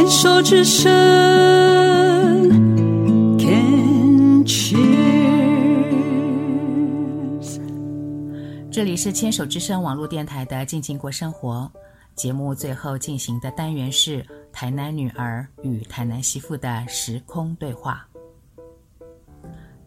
牽手之聲，Cheers。Can 這裡是牽手之聲網絡電台的《靜靜過生活》節目，最後進行的單元是台南女兒與台南媳婦的時空對話。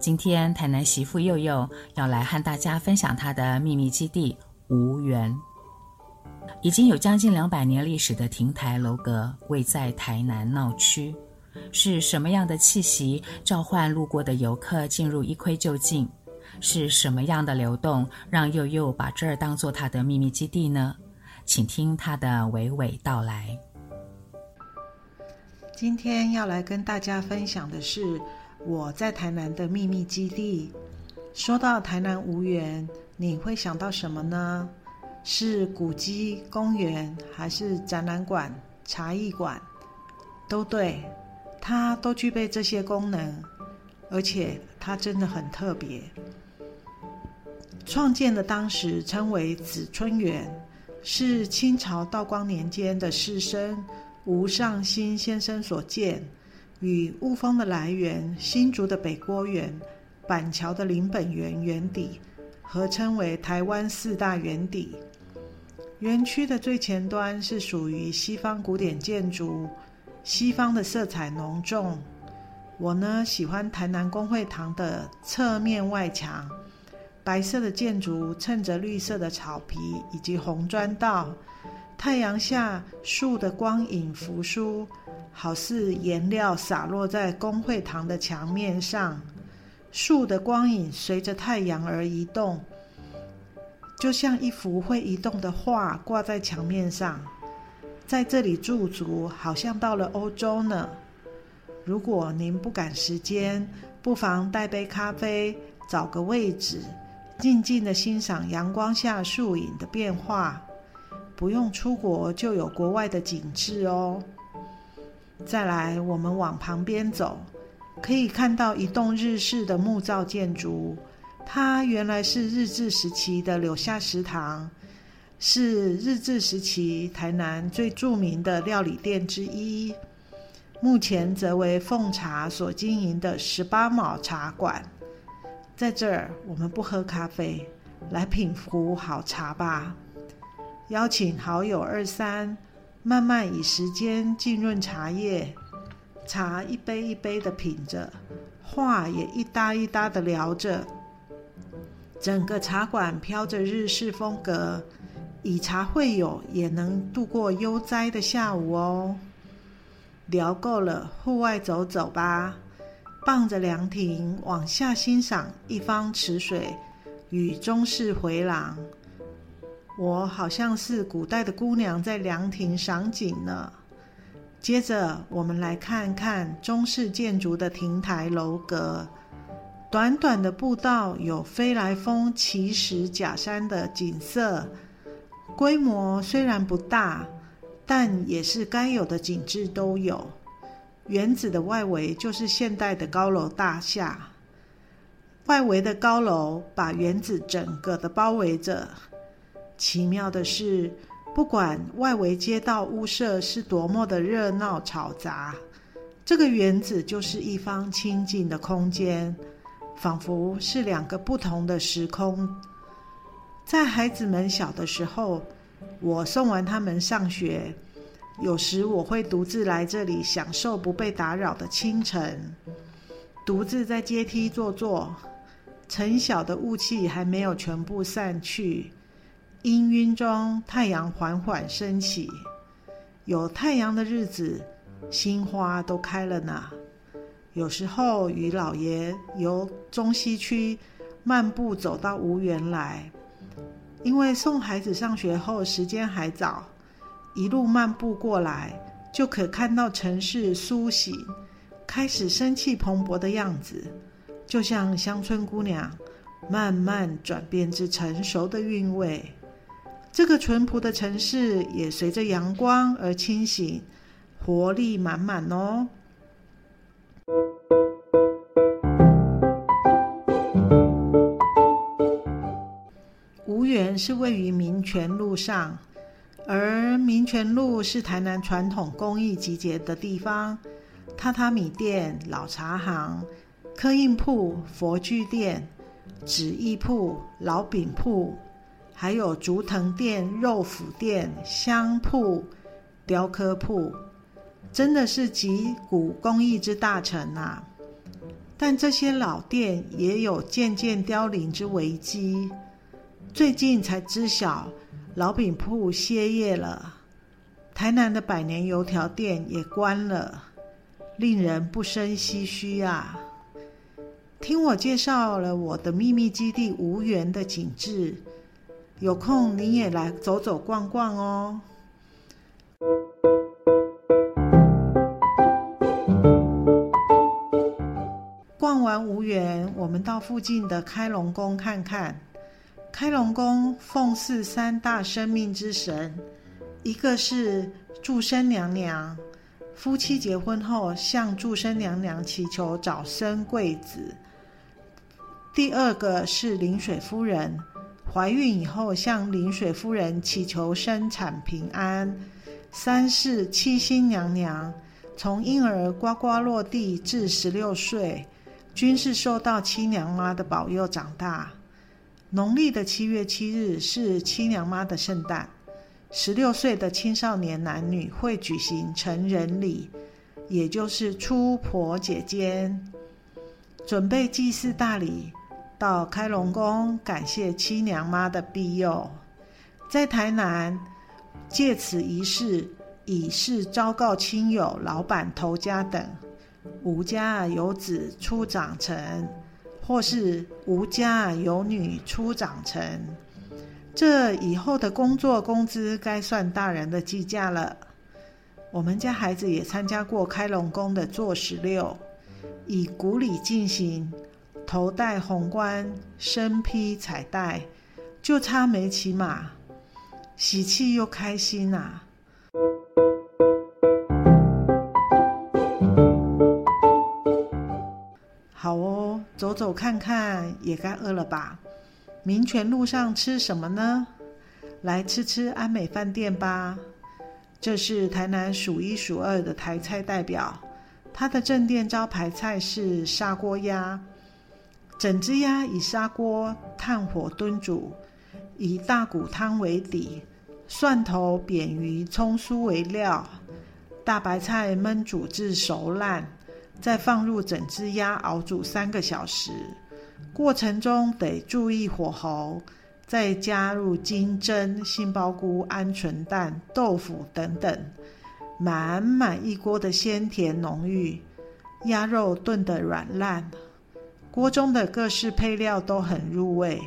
今天台南媳婦又又要來和大家分享她的秘密基地——吳園。已經有將近兩百年歷史的亭台樓閣，位在台南鬧區，是什麼樣的氣息召喚路過的遊客進入一窺究竟？是什麼樣的流動讓又又把這兒當做她的秘密基地呢？請聽她的娓娓道來。今天要來跟大家分享的是我在台南的秘密基地。說到台南吳園，你會想到什麼呢？是古蹟公園，還是展覽館、茶藝館，都對，它都具備這些功能，而且它真的很特別。創建的當時稱為紫春園，是清朝道光年間的士紳吳尚新先生所建，與霧峰的萊園、新竹的北郭園、板橋的林本源園邸。園底合稱為台灣四大園邸，園區的最前端是屬於西方古典建築，西方的色彩濃重。我呢喜歡台南公會堂的側面外牆，白色的建築襯着綠色的草皮以及紅磚道，太陽下樹的光影扶疏，好似顏料灑落在公會堂的牆面上。樹的光影隨着太陽而移動，就像一幅會移動的畫掛在牆面上。在這裡駐足，好像到了歐洲呢。如果您不趕時間，不妨帶杯咖啡，找個位置，靜靜地欣賞陽光下樹影的變化。不用出國，就有國外的景致哦。再來，我們往旁邊走。可以看到一棟日式的木造建築，它原來是日治時期的柳下食堂，是日治時期台南最著名的料理店之一。目前則為奉茶所經營的十八卯茶館。在這兒，我們不喝咖啡，來品壺好茶吧。邀請好友二三，慢慢以時間浸潤茶葉。茶一杯一杯的品着，話也一搭一搭的聊着。整個茶館飄着日式風格，以茶會友也能度過悠哉的下午哦。聊夠了，戶外走走吧，傍着涼亭往下欣賞一方池水與中式迴廊。我好像是古代的姑娘在涼亭賞景呢？接着，我們來看看中式建築的亭台樓閣。短短的步道有飛來峰、奇石、假山的景色，規模雖然不大，但也是該有的景致都有。園子的外圍就是現代的高樓大廈，外圍的高樓把園子整個的包圍着。奇妙的是。不管外圍街道屋舍是多麼的熱鬧吵雜，這個園子就是一方清靜的空間，仿佛是兩個不同的時空。在孩子們小的時候，我送完他們上學，有時我會獨自來這裡享受不被打擾的清晨，獨自在階梯坐坐，晨曉的霧氣還沒有全部散去。氤氳中，太陽緩緩升起。有太陽的日子，心花都開了呢。有時候與老爺由中西區漫步走到吳園來，因為送孩子上學後時間還早，一路漫步過來就可看到城市甦醒，開始生氣蓬勃的樣子，就像鄉村姑娘慢慢轉變至成熟的韻味。這個淳樸的城市也隨着陽光而清醒，活力滿滿哦。吳園是位於民權路上，而民權路是台南傳統工藝集結的地方，榻榻米店、老茶行、刻印鋪、佛具店、紙藝鋪、老餅鋪。還有竹藤店、肉脯店、香鋪、雕刻鋪，真的是集古工藝之大成啊！但這些老店也有漸漸凋零之危機。最近才知曉老餅鋪歇業了，台南的百年油條店也關了，令人不勝唏噓啊！聽我介紹了我的秘密基地吳園的景致。有空你也來走走逛逛哦。逛完吳園，我們到附近的開隆宮看看。開隆宮奉祀三大生命之神，一個是註生娘娘，夫妻結婚後向註生娘娘祈求早生貴子；第二個是臨水夫人。懷孕以後，向臨水夫人祈求生產平安。三是七星娘娘，從嬰兒呱呱落地至十六歲，均是受到七娘媽的保佑長大。農曆的七月七日是七娘媽的聖誕。十六歲的青少年男女會舉行成人禮，也就是出婆姐姐，準備祭祀大禮。到開隆宮感謝七娘媽的庇佑，在台南借此儀式，以示昭告親友、老闆、頭家等，吾家有子初長成，或是吾家有女初長成，這以後的工作工資該算大人的計價了。我們家孩子也參加過開隆宮的做十六，以古禮進行。頭戴紅冠，身披彩帶，就差沒騎馬，喜氣又開心啊！好哦，走走看看，也該餓了吧？民權路上吃什麼呢？來吃吃安美飯店吧，這是台南數一數二的台菜代表。它的正店招牌菜是砂鍋鴨。整隻鴨以砂鍋炭火燉煮，以大骨湯為底，蒜頭、扁魚、蔥酥為料，大白菜燜煮至熟爛，再放入整隻鴨熬煮三個小時。過程中得注意火候，再加入金針、杏鮑菇、鵪鶉蛋、豆腐等等，滿滿一鍋的鮮甜濃郁，鴨肉燉得軟爛。鍋中的各式配料都很入味，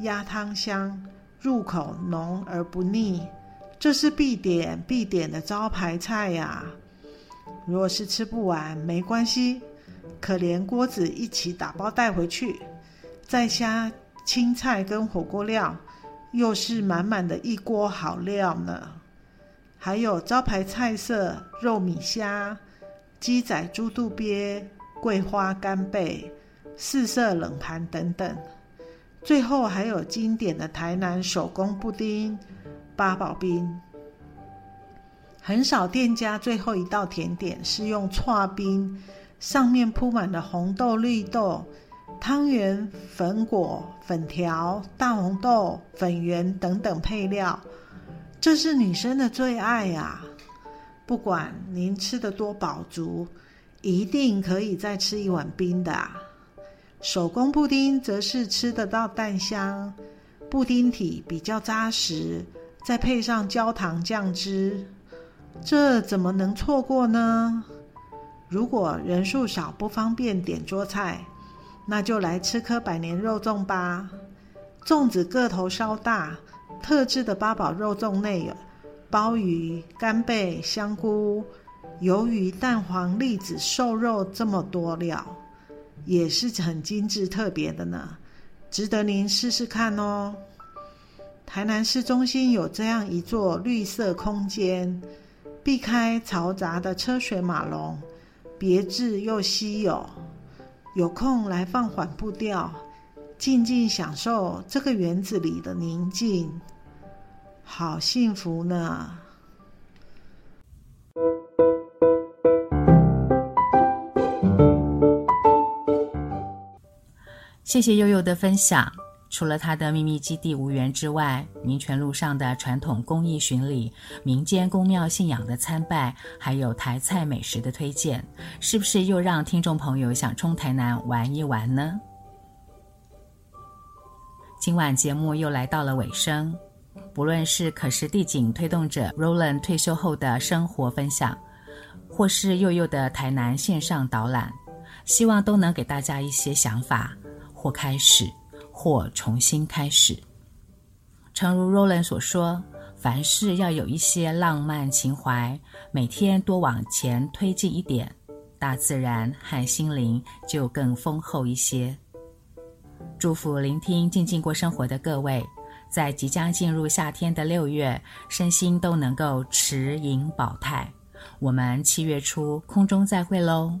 鴨湯香，入口濃而不膩，這是必點必點的招牌菜呀、啊！若是吃不完沒關係，可連鍋子一起打包帶回去，再加青菜跟火鍋料，又是滿滿的一鍋好料呢！還有招牌菜色：肉米蝦、雞仔豬肚鱉。桂花乾貝、四色冷盤等等，最後還有經典的台南手工布丁、八寶冰。很少店家最後一道甜點是用剉冰，上面鋪滿了紅豆、綠豆、湯圓、粉果、粉條、大紅豆、粉圓等等配料，這是女生的最愛呀、啊！不管您吃得多飽足。一定可以再吃一碗冰的啊。手工布丁則是吃得到蛋香，布丁體比較紮實，再配上焦糖醬汁，這怎麼能錯過呢？如果人數少不方便點桌菜，那就來吃顆百年肉粽吧。粽子個頭稍大，特制的八寶肉粽內有鮑魚、干貝、香菇。魷魚蛋黃、栗子、瘦肉，這麼多料，也是很精緻特別的呢，值得您試試看哦。台南市中心有這樣一座綠色空間，避開嘈雜的車水馬龍，別致又稀有。有空來放緩步調，靜靜享受這個園子裡的寧靜，好幸福呢。謝謝又又的分享，除了她的秘密基地吳園之外，民權路上的傳統工藝巡禮、民間宮廟信仰的參拜，還有台菜美食的推薦，是不是又讓聽眾朋友想衝台南玩一玩呢？今晚節目又來到了尾聲，不論是可視地景推動者 Roland 退休後的生活分享，或是又又的台南線上導覽，希望都能給大家一些想法。或開始，或重新開始。誠如 Roland 所說，凡事要有一些浪漫情懷，每天多往前推進一點，大自然和心靈就更豐厚一些。祝福聆聽《靜靜過生活》的各位，在即將進入夏天的六月，身心都能夠持盈保泰。我們七月初空中再會嘍。